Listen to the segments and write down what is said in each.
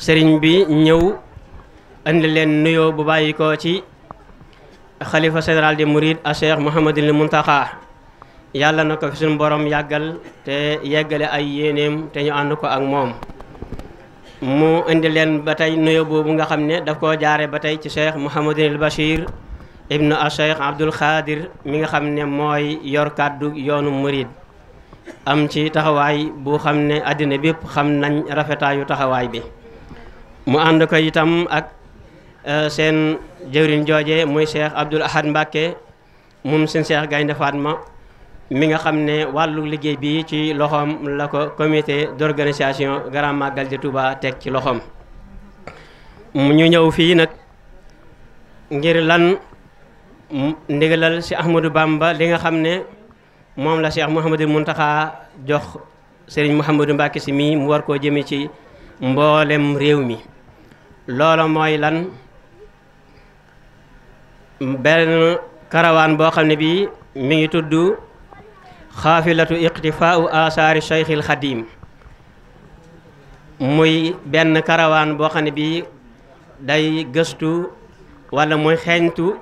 sëriñ bi ñëw indi leen nuyoo bu bàyyi ko ci xalifa général des mourides a cheikh mouhamadul muntaxa yàlla na ko fi boroom yàggal te yeggale ay yéeneem te ñu ànd ko ak moom mu indi leen ba tey nuyoo boobu nga xam ne daf koo jaare ba tey ci cheikh mouhamadul bachir ibnu a cheikh abdul xaadir mi nga xam ne mooy yor kàddu yoonu murid am ci taxawaay bu xam ne àddina bépp xam nañ rafetaayu taxawaay bi mu ànd ko itam ak euh, seen jëwriñ jooje muy Cheikh Abdoul Ahad Mbacke moom seen Cheikh Gaynde Fatma mi nga xam ne wàllu liggéey bi ci loxoom la ko comité d'organisation Grand Magal de Touba teg ci loxoom ñu ñëw fii nag ngir lan ndigalal si Ahmadou ba li nga xam ne moom la Cheikh Mouhamadou Mountakha jox Serigne Mouhamadou Mbacke si mii mu war koo jëme ci mboolem réew mi loola mooy lan benn karawaan boo xam ne bii mu ngi tudd xaafilatu iqtifaau asaari cheikhil xadim muy benn karawaan boo xam ne bi day gëstu walla muy xeeñtu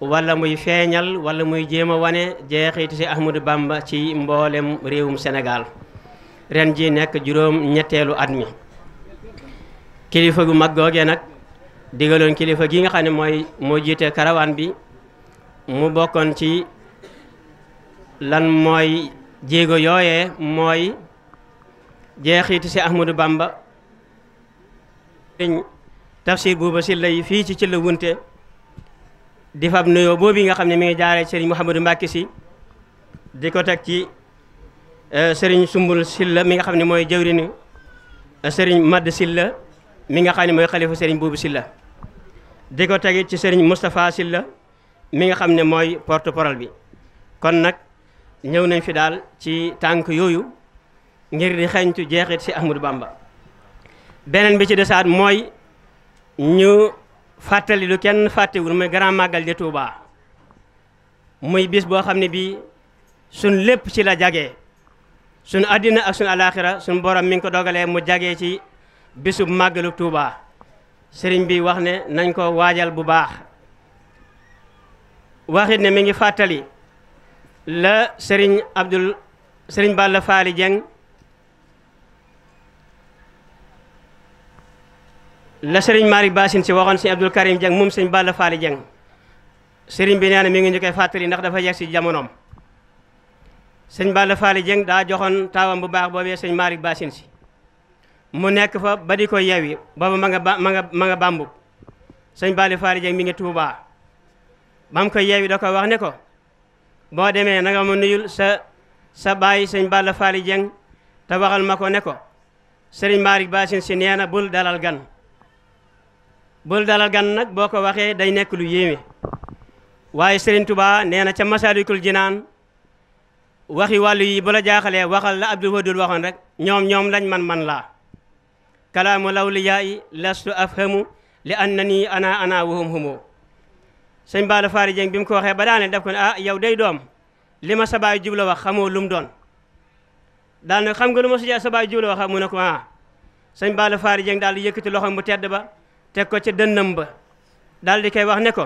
walla muy feeñal wala muy jéem a wane jeexit ci Ahmadou Bamba ci mboolem réewum senegal ren ji nekk juróom ñetteelu at mi kilifa gu mag googee nag digaloon kilifa gi nga xam ne mooy moo jiite karawaan bi mu bokkoon ci lan mooy jéego yooyee mooy jeexiitu si Ahmadou bàmba tafsir buuba si lay fii ci ci la wunte di fab nuyoo boobu nga xam ne mi ngi jaaree sëriñ Mouhamadou Mbacke si di ko teg ci eh, sëriñ Sumbul Silla mi nga xam ne mooy jëwriñu eh, sëriñ Mad Silla mi nga xam ne mooy xalifa sëriñ Boubou Sylla di ko tegit ci sëriñ Moustapha Sylla mi nga xam ne mooy porte parole bi kon nag ñëw nañ fi daal ci tànk yooyu ngir di xeeñtu jeexit ci Ahmadou Bamba beneen bi ci desaat mooy ñu fàttali lu kenn fàttewul muy grand màggal de Touba muy bis boo xam ne bii suñ lépp ci la jagee suñ àddina ak suñ alaaxira suñ borom mi ngi ko dogalee mu jagee ci bisub màggalu Tuuba sëriñ bi wax ne nañ ko waajal bu baax waxit ne mi ngi fàttali la sëriñ Abdul sëriñ Balla Faali Jeng la sëriñ Malick Bassine si waxoon si Abdul Karim Jeng moom sëñ Balla Faali Jeng sëriñ bi nee na mi ngi ñu koy fàttali ndax dafa yegg si jamonoom sëriñ Balla Faali Jeng daa joxoon taawam bu baax boobee sëñ Malick Bassine si mu nekk fa ba di ko yewi booba ma nga ma nga ma nga bàmbu sëñ Bali Faari Jeŋ mi ngi Tuubaa ba mu ko yewi da ko wax ne ko boo demee na nga ma nuyul sa sa baay sëñ Balla Faari Jeŋ te waxal ma ko ne ko sëriñ Maalik Baasin si nee na bul dalal gan bul dalal gan nag boo ko waxee day nekk lu yéeme waaye sëriñ Tuubaa nee na ca Masaalikul Jinaan waxi wàllu yi ba la jaaxalee waxal la Abdul Wadul waxoon rek ñoom ñoom lañ man man laa kalaamu lawliyaayi lastu afhamu li annani ana ana wahum humo sëñ Balla Fary Dieng bi mu ko waxee ba daane def ko ne ah yow day doom li ma sa baay jubla wax xamoo lu mu doon daal ne xam nga lu ma sa sa baay jubla wax mu ne ko ah sëñ Balla Fary Dieng daal di yëkkati loxoom bu tedd ba teg ko ca dënnam ba daal di koy wax ne ko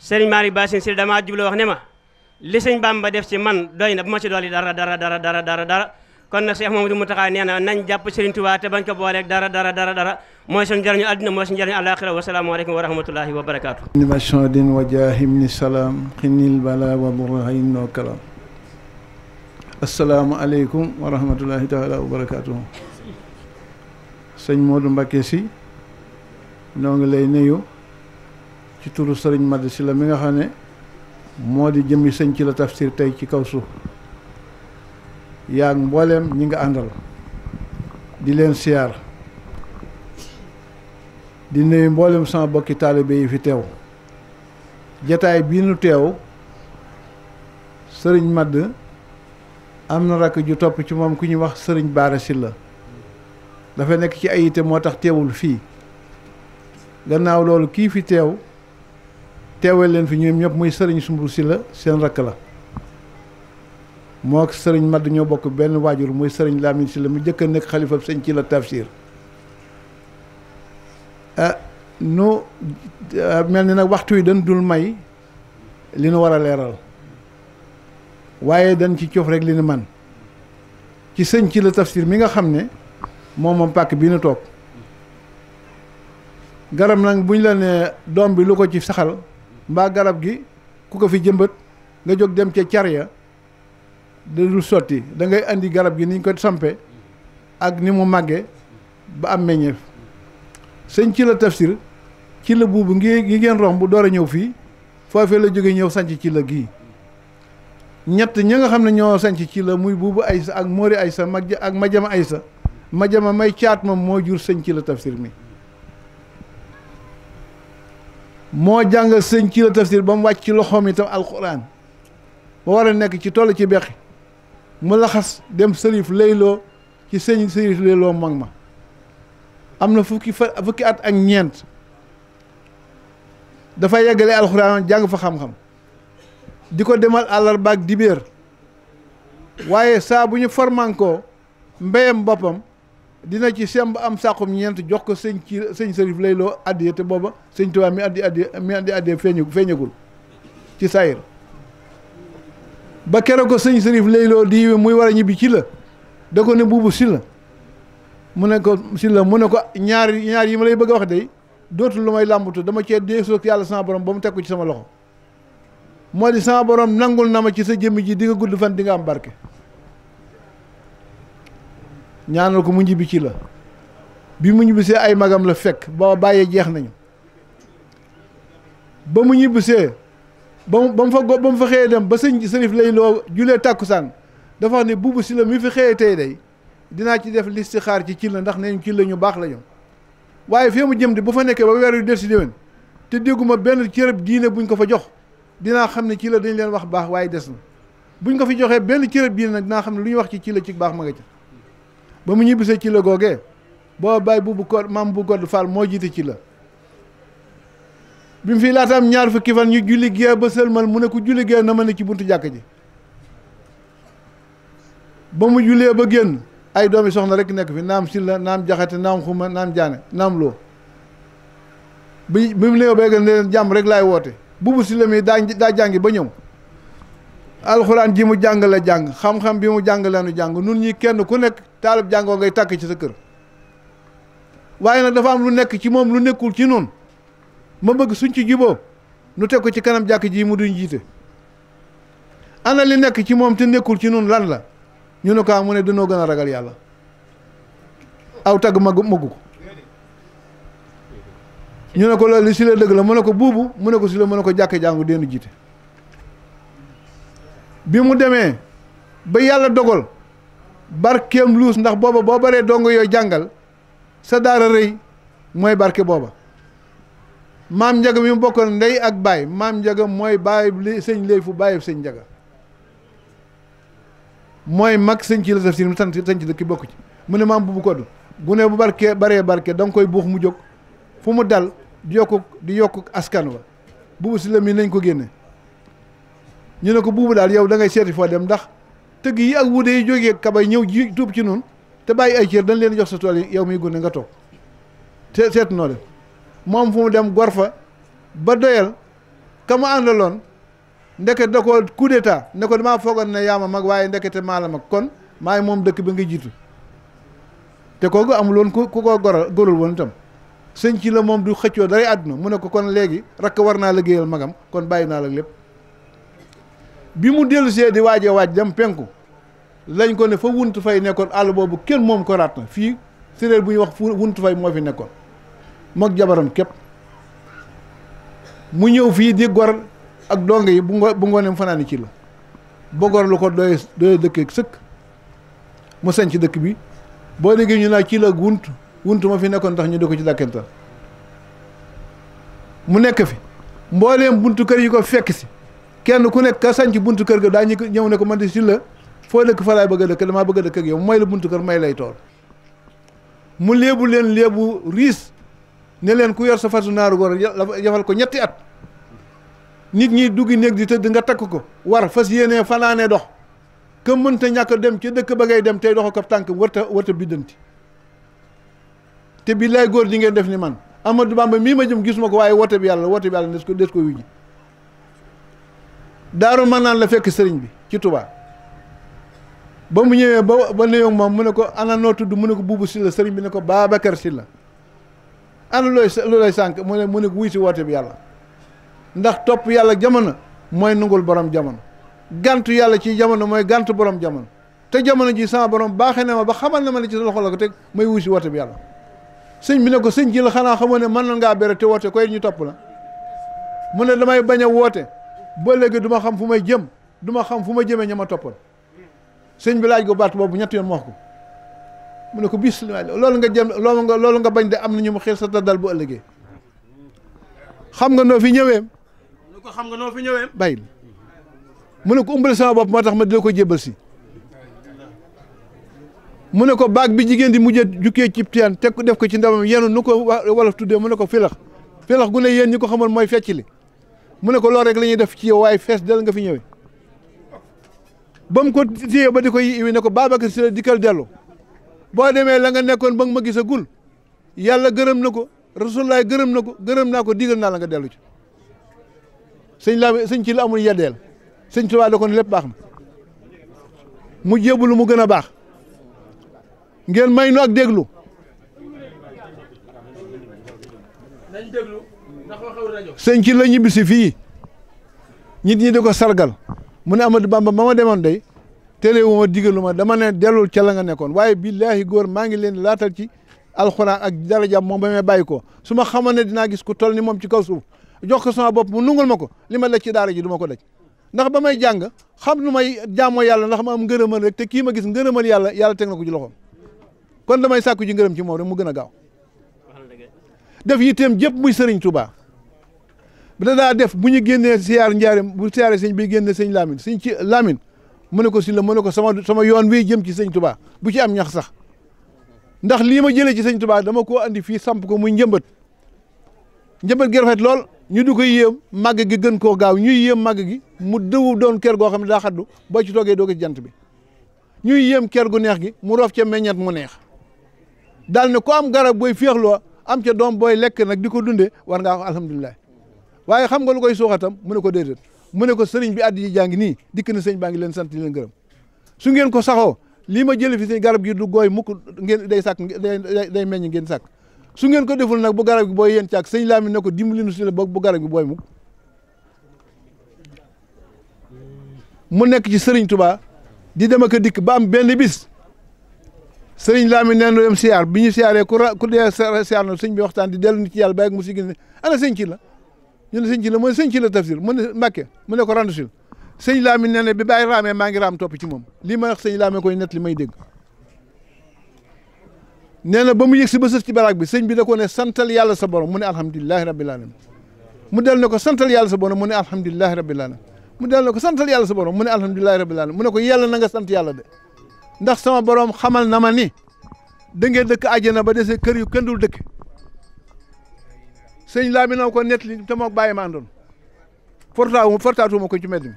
sëriñ Malick Bassine si damaa jubla wax ne ma li sëñ Bamba def ci man doy na bu ma ci dolli dara dara dara dara dara dara kon na nag Cheikh Mamadou Mountakha nee na nañ jàpp Serigne Touba te bañ ko booleeg dara dara dara dara mooy suñu njëriñu àddina mooy suñu njëriñu àllaaxira wa salaamu aleykum wa rahmatullahi wa barakaatu nibachodin wa jaahim ni salaam xinil bala wa barakaatu sëñ Modou Mbacké si noo ngi lay nuyu ci turu Serigne Madi si la mi nga xam ne moo di jëmmi sëñ ci la tafsir tey ci kaw suuf yaa mbooleem ñi nga àndal di leen siyaar di nuyu mboolem sama bokki taalibe yi fi teew jataay bii nu teew sëriñ màdd am na rakk ju topp ci moom ku ñuy wax sëriñ Baara Silla dafa nekk ci ay yite moo tax teewul fii gannaaw loolu kii fi teew teewee leen fi ñoom ñëpp muy sëriñ Sumbu Silla seen rakk la moo ak sëriñ Madd ñoo bokk benn waajur muy sëriñ Lamin si la mu jëkk a nekk xalifab sëñ ci la tafsir ah nu ah, mel ni nag waxtu yi dañ dul may li nu war a leeral waaye dañ ci coof rek li nu man ci sëñ ci la tafsir mi nga xam ne moom moom pàkk bi nu toog garab nag buñ la ne doom bi lu ko ci saxal mbaa garab gi ku ko fi jëmbat nga jóg dem ca car ya dul sotti da ngay andi garab gi ni ñu ko sampe ak ni mu màgge ba am meññeef sëñ ci la tafsir ci la buubu ngi ngi ngeen romb door a ñëw fii foofee la jóge ñëw sanc ci la gii ñett ñi nga xam ne ñoo sanc ci la muy buubu aysa ak móori aysa mag ak majama aysa majama may caat moom moo jur sëñ ci la mi moo jàng sëñ ci la tafsir ba mu wàcc ci loxoom itam alquran ba war a nekk ci toll ci beqi mu laxas dem sërif layloo ci sëñ sërif layloo mag ma am na fukki fa fukki at ak ñeent dafa yeggale alxuraan jàng fa xam-xam di ko demal àllarba ak dibéer waaye saa bu ñu formankoo mbéyam boppam dina ci semb am sàqum ñeent jox ko sëñ ci sëñ sërif layloo addiye te booba sëñ tubaab mi addi addi mi addi addiye feeñu feeñagul ci sayir ba keroog ko sëñ Sërif Layloo di muy war a ñibbi ci la da ko ne buubu si la mu ne ko si la mu ne ko ñaar ñaar yi ma lay bëgg a wax de dootul lu may làmbatu dama cee deesoog yàlla sama borom ba mu teg ko ci sama loxo moo di sama borom nangul na ma ci sa jëmm ji di nga gudd fan di nga am barke ñaanal ko mu ñibbi ci la bi mu ñibbisee ay magam la fekk ba bàyyee jeex nañu ba mu ñibbisee ba mu ba mu fa go ba mu fa xëyee dem ba sëñ sërif lay loo julee tàkkusaan dafa wax ne buubu si mi fi xëyee tey dey dinaa ci def listixaar ci cin la ndax nee ñu cin la ñu baax la ñu waaye fee mu jëm di bu fa nekkee ba weer yu def si déwén te dégguma benn cërëb diine buñ ko fa jox dinaa xam ne ci la dañ leen wax baax waaye des na buñ ko fi joxee benn cërëb diine nag dinaa xam ne lu ñu wax ci ci la ci baax ma nga ca ba mu ñibbisee ci la googe booba bàyyi buubu ko maam bu godd faal moo jiite ci la bi mu fii laataam ñaar fukki fan ñu julli gee ba sëlmal mu ne ku julli gee na ma ne ci buntu jàkk ji ba mu jullee ba génn ay doomi soxna rek nekk fi naam silla naam jaxate naam xuma naam jaane naam loo bi bi mu néew béykat ne leen jàmm rek laay woote bubu silla mi daa daa jàngi ba ñëw alxuraan ji mu jàng la jàng xam-xam bi mu jàng lanu jàng nun ñi kenn ku nekk taalib jàngoo ngay tàkk ci sa kër waaye nag dafa am lu nekk ci moom lu nekkul ci noonu ma bëgg suñ ci juboo nu teg ko ci kanam jàkk ji mu duñ jiite ana li nekk ci moom te nekkul ci nun lan la ñu ne ko ah, mu ne danoo gën a ragal yàlla aw tagg mag magu ko ñu ne ko loolu si la dëgg la mën ne ko buubu mu ne ko si la mu ne ko jàkk jàngu deenu jiite bi mu demee ba yàlla dogal barkeem luus ndax booba boo baree dong yooyu jàngal sa daara rëy mooy barke booba maam njaga mi mu bokkal ndey ak baay maam njaga mooy baay li sëñ fu bàyyi sëñ njaga mooy mag sëñ ci la saf si mu sant sëñ ci dëkk bokk ci mu ne maam bu bu koddu gune bu barke baree barke da nga koy buux mu jóg fu mu dal di yokku di yokku askan wa buubu si la mii nañ ko génne ñu ne ko buubu daal yow da ngay seeti foo dem ndax tëgg yi ak wuude yi jógee kabay ñëw ji tuub ci noonu te bàyyi ay cër dañ leen jox sa tool yi yaw miy gune nga toog te seet noo def moom fu mu dem gor fa ba doyal ka mu àndaloon ndeket da ko coup d'état ne ko damaa foogoon ne yaa ma mag waaye ndekete maa la mag kon maay moom dëkk bi nga jiitu te kooku amul woon ku ko goral gorul woon tam sëñ ci la moom du xëccoo daray àdduna mu ne ko kon léegi rakk war naa liggéeyal magam kon bàyyi naa la lépp bi mu dellusee di waaje waaj dem penku lañ ko ne fa wuntu fay nekkoon àll boobu kenn moom ko raat na fii séréer bu ñuy wax wuntu fay moo fi nekkoon mook jabaram képp mu ñëw fii di gor ak dongo yi bu ngo bu ngooneem fanaani ci la ba gor lu ko doy doy dëkk sëkk mu sañ dëkk bi boo déggee ñu naa ci la ak wunt wunt ma fi nekkoon tax ñu di ko ci dàkkental mu nekk fi mbooleem buntu kër yi ko fekk si kenn ku nekk ka sañc buntu kër gi daa ñëw ne ko man de si la foo dëkk fa laay bëgg a dëkk damaa bëgg a dëkk ak yow may la buntu kër may lay tool mu léebu leen léebu riis ne leen ku yor sa fasu naaru góor yafal ko ñetti at nit ñi duggi néeg di tëdd nga takk ko war fas yéenee fanaane dox ka mënta ñàkk dem ci dëkk ba ngay dem tey doxa ko tànk warta warta biddanti te bi lay góor di ngeen def ni man Amadou Bamba mii ma jëm gisuma ko waaye woote bi yàlla woote bi yàlla des ko des ko wujji daaru man la fekk sëriñ bi ci Touba ba mu ñëwee ba ba néew moom mu ne ko ana noo tudd mu ne ko buubu si la sëriñ bi ne ko Babacar la ana looy lu lay sànq mu ne mu ne wuy si woote bi yàlla ndax topp yàlla jamono mooy nungul borom jamono gàntu yàlla ci jamono mooy gàntu borom jamono te jamono ji sama borom baaxee na ma ba xamal na ma ne ci sa loxo la ko teg may wuy si woote bi yàlla sëñ bi ne ko sëñ ji la xanaa xamoo ne man na ngaa bere te woote koy ñu topp la mu ne damay bañ a woote ba léegi du ma xam fu may jëm du ma xam fu ma jëmee ña ma toppal sëñ bi laaj ko baat boobu ñetti yoon wax mu ne ko bisimilah loolu nga jëm loolu nga loolu nga bañ de am na ñu mu xiir sa dal bu ëllëgee xam nga noo fi ñëwee. mu ko xam noo fi ñëwee. ne ko umbale sama bopp moo tax ma dina ko jébbal si mu ne ko baag bi jigéen di mujjee jukkee ci tiyaan teg ko def ko ci ndamam yenu nu ko wolof tuddee mu ne ko filax filax gu ne yéen ñi ko xamoon mooy fecc li mu ne ko loolu rek la ñuy def ci yow fees del nga fi ñëwee ba ko téye ba di ko yi ne ko Babacar si la dikkal dellu boo demee la nga nekkoon ba nga ma gisagul yàlla gërëm na ko rasulullaay gërëm na ko gërëm naa ko digal naa la nga dellu ci sëñ la sëñ ci la amul yeddeel sëñ ko lépp baax na mu jébbalu mu gën a baax ngeen may nu ak déglu sëñ ci la ñibbisi fii nit ñii di ko sargal mu ne Amadou Bamba ma ma demoon day téléwuma digaluma dama ne dellul ca la nga nekkoon waaye billaahi góor maa ngi leen laatal ci alxuraan ak darajaam moom ba may bàyyi ko su ma xamoon ne dinaa gis ku toll ni moom ci kaw suuf jox ko sama bopp mu nungul ma ko li ma daj ci daara ji du ma ko daj ndax ba may jàng xam nu may jaamoo yàlla ndax ma am ngërëmal rek te kii ma gis ngërëmal yàlla yàlla teg na ko ci loxoom kon damay sàkku ji ngërëm ci moom rek mu gën a gaaw def yitteem jëpp muy sëriñ Tuubaa da daa def bu ñu génnee siyaar njaarim bu siyaare sëñ bi génne sëñ Lamine sëñ ci Lamine mu ne ko si la ne ko sama sama yoon wi jëm ci sëñ tubaa bu ci am ñax sax ndax lii ma jëlee ci sëñ tubaa dama koo andi fii samp ko muy njëmbat njëmbat gi lool ñu du ko yéem màgg gi gën koo gaaw ñuy yéem màgg gi mu dëwu doon ker goo xam ne daa xaddu ci toogee doo jant bi ñuy yéem ker gu neex gi mu roof ca meññat mu neex daal ne ko am garab booy féexloo am ca doom booy lekk nag di ko dundee war ngaa wax alhamdulilah waaye xam nga lu koy suuxatam mu ne ko déedéet mu ne ko sëriñ bi addi ji jàng nii dikk na sëñ baa ngi leen sant di leen gërëm su ngeen ko saxoo lii ma jëlee fi seen garab gi du gooy mukk ngeen day sàkk day meññ ngeen sàkk su ngeen ko deful nag bu garab gi booy yéen càkk sëñ Lamin ne ko dimbali nu si la boog bu garab gi mukk mu nekk ci sëriñ tubaa di dem ak dikk ba am benn bis sëriñ Lamin nee na dem siyaar bi ñu siyaaree ku ku dee siyaar na sëñ bi waxtaan di dellu ni ci yàlla bàyyi mu si gis ne ana sëñ ci la ñu ne sëñ ci la mooy sëñ ci la tafsir mu ne Mbàkke mu ne ko rendu sil sëñ Lamin nee na bi bàyyi raamee maa ngi raam topp ci moom lii ma wax sëñ Lamin may dégg na ba mu yëg si ba sës ci baraag bi sëñ bi da ko ne santal yàlla sa borom mu ne alhamdulilahi rabbil alamin mu del ne ko santal yàlla sa borom mu ne alhamdulilahi rabbil alamin mu del ne ko santal yàlla sa borom mu ne alhamdulilahi rabbil alamin mu ne ko yàlla na nga sant yàlla de ndax sama borom xamal na ma ni da ngeen dëkk àjjana ba dese kër yu kenn dul dëkk sëñ laa bi na ko nett li te moog bàyyi ma àndoon fortaatu fortaatu ma ko ci mbedd mi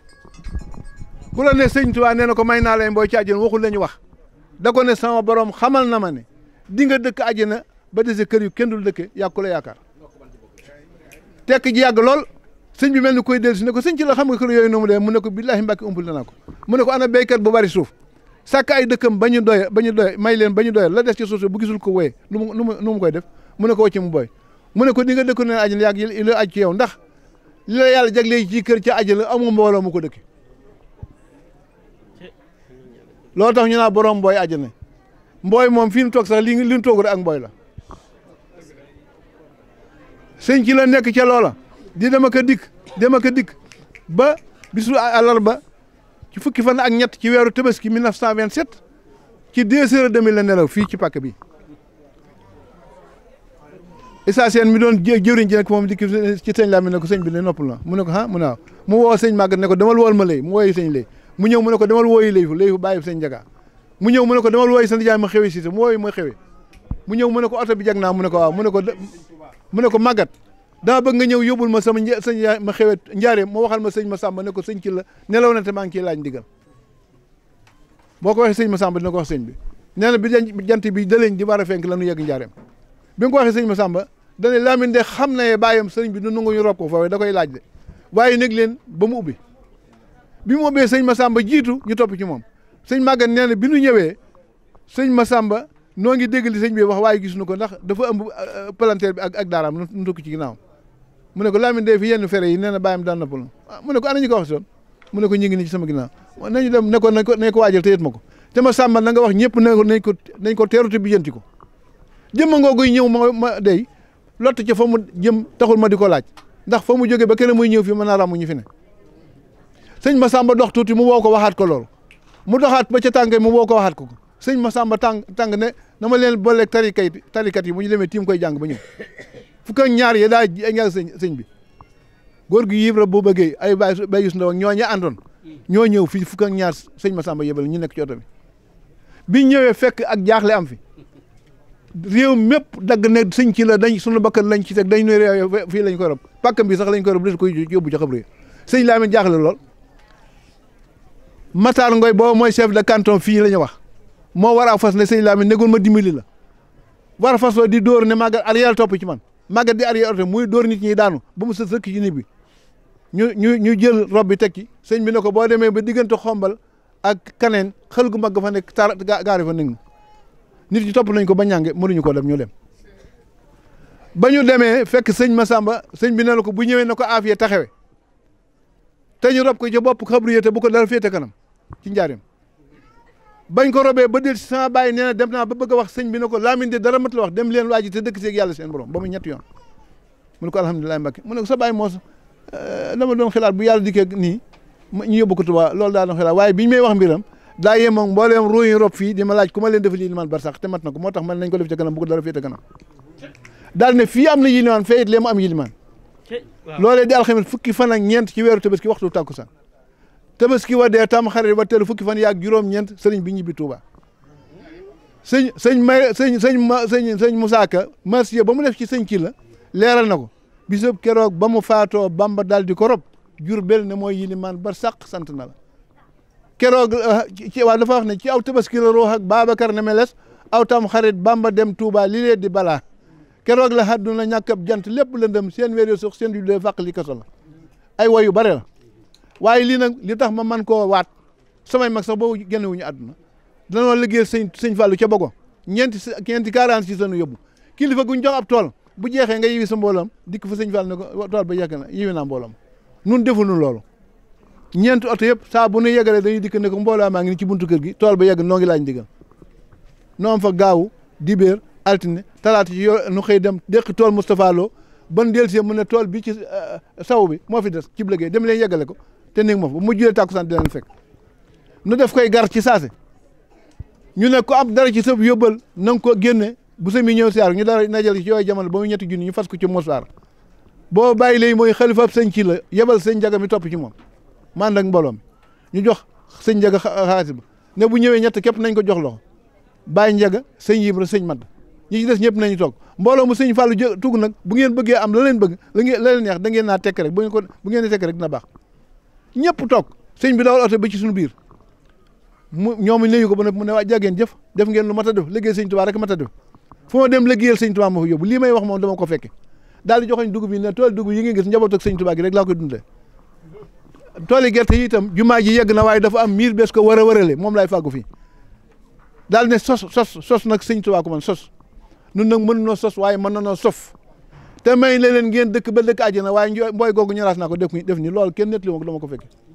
bu la ne sëñ Tuubaa nee na ko may naa lay mbooy ci àjjana waxul ñu wax da ko ne sama borom xamal na ma ne di nga dëkk àjjana ba dese kër yu kenn dul dëkke yàgg ku la yaakaar tekk ji yàgg lool sëñ bi mel ni koy dellu si ne ko sëñ xam nga kër yooyu noonu de mu ne ko billaahi mbàkki umpul na ko mu ne ko ana béykat bu bari suuf sàkk ay dëkkam ba ñu doy ba ñu doy may leen ba ñu doy la des ci suuf bu gisul ko wooye lu mu nu mu koy def mu ne ko wacc mu boy mu ne ko di nga dëkk na àjjana yàgg lu aj ci yow ndax li la yàlla jagleel ci kër ca àjjana amul mbooloo mu ko dëkk loolu tax ñu naa borom mbooy àjjana mbooy moom fi mu toog sax li li mu toog rek ak mbooy la sëñ ci la nekk ca loola di dem ak a dikk dem ak a dikk ba bisu àllarba ci fukki fan ak ñet ci weeru tabaski 1927 ci deux heures et demie la nelaw fii ci pàkk bi Issa mi doon jëwriñ ji nag moom dikk ci sëñ Lamine ne ko sëñ bi lay noppal na mu ne ko ah mu naaw mu ne ko demal wool ma lay mu wooyu sëñ lay mu ñëw mu ne ko demal wooyu lay fu lay fu bàyyi sëñ jaga mu ñëw mu ne ko demal wooyu sëñ jaay ma xewe si mu wooyu ma xewe mu ñëw mu ne ko oto bi jag naa mu ne ko waaw mu ne ko mu ne ko màggat dama bëgg nga ñëw yóbbul ma sama sëñ jaay ma xewe njaareem moo waxal ma sëñ ma sàmba ne ko sëñ ci la nelaw na te maa ngi ciy laaj ndigal boo ko waxee sëñ ma sàmba dina ko wax sëñ bi nee na bi jant bi daleñ di war a la nu yegg njaareem bi nga ko waxee ma sàmba dane Lamine de xam na baayam sëriñ bi du nangu ñu rob ko foofu da koy laaj de waaye nag leen ba mu ubbi bi mu ubbee sëñ Massamba jiitu ñu topp ci moom sëñ Maguette nee na bi nu ñëwee sëñ Massamba noo ngi dégg li bi wax waaye gis nu ko ndax dafa ëmb euh, palanteer bi ak ak daaraam nu tukki ci ginnaaw mu ne ko Lamine de fi yenn fere yi nee na daan noppal ah, ne ko mu ne ko ñu ngi nii ci sama ginnaaw nañu dem ne ko ko waajal te yët ko te Massamba nga wax ñëpp nañ ko nañ ko teeru te bi jënti ko jëmma ngooguy ñëw ma ma day lott ci fa mu jëm taxul ma di ko laaj ndax fa mu jógee ba keneen muy ñëw fi ma a ràmm ñu fi ne sëñ Masamba dox tuuti mu woo ko waxaat ko loolu mu doxaat ba ca tànk mu woo ko waxaat ko sëñ Masamba tàng tàng ne na ma leen booleeg tarika yi tarikat yi bu ñu demee tiim koy jàng ba ñëw fukk ak ñaar yi daa ñaar sëñ sëñ bi góor gi yibra bu bëggee ay bay bay yus ndaw ak ñoo ña àndoon ñoo ñëw fii fukk ñaar sëñ ma Masamba yebal ñu nekk ci oto bi ñëwee fekk ak jaaxle am fi réew mépp dagg ne sëñ ci la dañ suñu bakkan lañ ci teg dañ ne réew fii lañ ko rob pàkkam bi sax lañ ko rob daf koy yóbbu ca xabru sëñ Lamine jaaxle lool Matar Ngoy boobu mooy chef de canton fii la ñu wax moo war a fas ne sëñ Lamine negoon ma dimbali la war a fas la di door ne màggat arrière topp ci man màggat di arrière topp muy dóor nit ñi daanu ba mu sës sëkk ci nit bi ñu ñu ñu jël rob bi tekki sëñ bi ne ko boo demee ba diggante xombal ak kaneen xël gu mag fa nekk tar nit ñi topp nañ ko ba ñànge mënuñu ko dem ñu dem ba ñu demee fekk sëñ ma Masamba sëñ bi na la ko bu ñëwee na ko aafiya taxawe te ñu rob ko ci bopp xabru yéete bu ko dara féete kanam ci njaareem bañ ko robee ba del si sama nee na dem naa ba bëgg a wax sëñ bi ne ko laamin de dara mat la wax dem leen waa ji te dëkk seeg yàlla seen borom ba mu ñetti yoon mu a ko alhamdulilah Mbacke mu ne ko sa bàyyi moos eh, dama doon xalaat bu yàlla dikkee nii ñu yóbbu ko Tuubaa loolu daa doon xalaat waaye biñ may wax mbiram daa yemoon mbooleem ruuy rob fii di ma laaj ku ma leen defal liimaan barsax te mat na ko moo tax man nañ ko def ca kanam bëgg dara féete daal ne fii am na yilimaan fee it lee mu am yilimaan loolee di alxames fukki fan ak ñeent ci weeru tabaski waxtu tàkkusaan ki wa dee tam xarit wa teelu fukki fan yaag juróom-ñeent sëriñ bi ñibbi Tuuba sëñ sëñ may sëñ sëñ ma sëñ sëñ Moussa Ka marsiya ba mu def ci sëñ kii la leeral na ko bisub keroog ba mu faatoo Bamba daal di ko rob jur bel ne mooy yilimaan barsax sant na keroog eh, ci waa dafa wax ne ci aw tabaski la ruux ak Babacar ne meles aw tam xarit Bamba dem Touba li lee di balaa keroog la àdduna ñàkk ab jant lépp lëndëm seen wéer suux seen yu dee fàq li kaso la ay woyu bare la waaye lii nag li tax ma man koo waat samay mag sax boobu génne wuñu àdduna danoo liggéeyal sëñ sëñ Fallou ca Bogo ñeenti ñeenti quarante six sanu yóbbu kilifa guñ jox ab tool bu jeexee nga yiwi sa mbooloom dikk fa sëñ Fallou ne ko tool ba yegg na yiwi naa mbooloom nun defuñu loolu ñeent oto yëpp saa bu nu yegalee dañuy dikk ne ko mbooloo maa ngi ni ci buntu kër gi tool ba yegg noo ngi laaj ndigal noo fa gaawu dibéer altine talaata yoo nu xëy dem dëkk tool Moustapha Lo ban dellusee mu ne tool bi ci euh, saw bi moo fi des ci liggéey dem leen yeggale ko te néeg moo fa mu jëlee tàkkusaan di leen fek nu def koy gar ci saase ñu ne ko am dara ci sëb yóbbal na nga ko génne bu sëmi ñëw siyaar ñu dara najal ci yooyu jamono ba muy ñetti junni ñu fas ko ci mosaar boo bàyyi léegi mooy xalifa sëñ ci la yebal sëñ jaga mi topp ci moom ma ànd ak mbooloo mi ñu jox sëñ Njaga xaalis ba ne bu ñëwee ñett képp nañ ko jox loxo bàyyi Njaga sëñ Ibra sëñ Mat ñi ci des ñëpp nañu toog mbooloo mu sëñ Fallou jë tugg nag bu ngeen bëggee am la bëgg la ngeen neex da ngeen naa tekk rek bu ngeen ko bu ngeen tekk rek dina baax ñëpp toog sëñ bi dawal oto ba ci suñu biir mu ñoom ñu ko ba nag mu ne waa jageen jëf def ngeen lu mat a def liggéey sëñ Tuubaa a def fu ma dem liggéeyal sëñ yóbbu lii may wax moom dama ko fekke daal di joxoñ dugub yi ne tool dugub yi ngeen gis njaboot ak sëñ Tuubaa gi rek laa koy dundee tooli gerte yi itam jumaa ji yegg na waaye dafa am miir bees ko war a warale moom laay fàggu fii daal ne sos sos sos nag sëñ Tuubaa ko man sos nun na mën noo sos waaye mën na noo sof te may leen ngeen dëkk ba dëkk àjjana waaye mbooy googu ñaraas naa ko def def ni kenn nettali ma ko dama ko fekke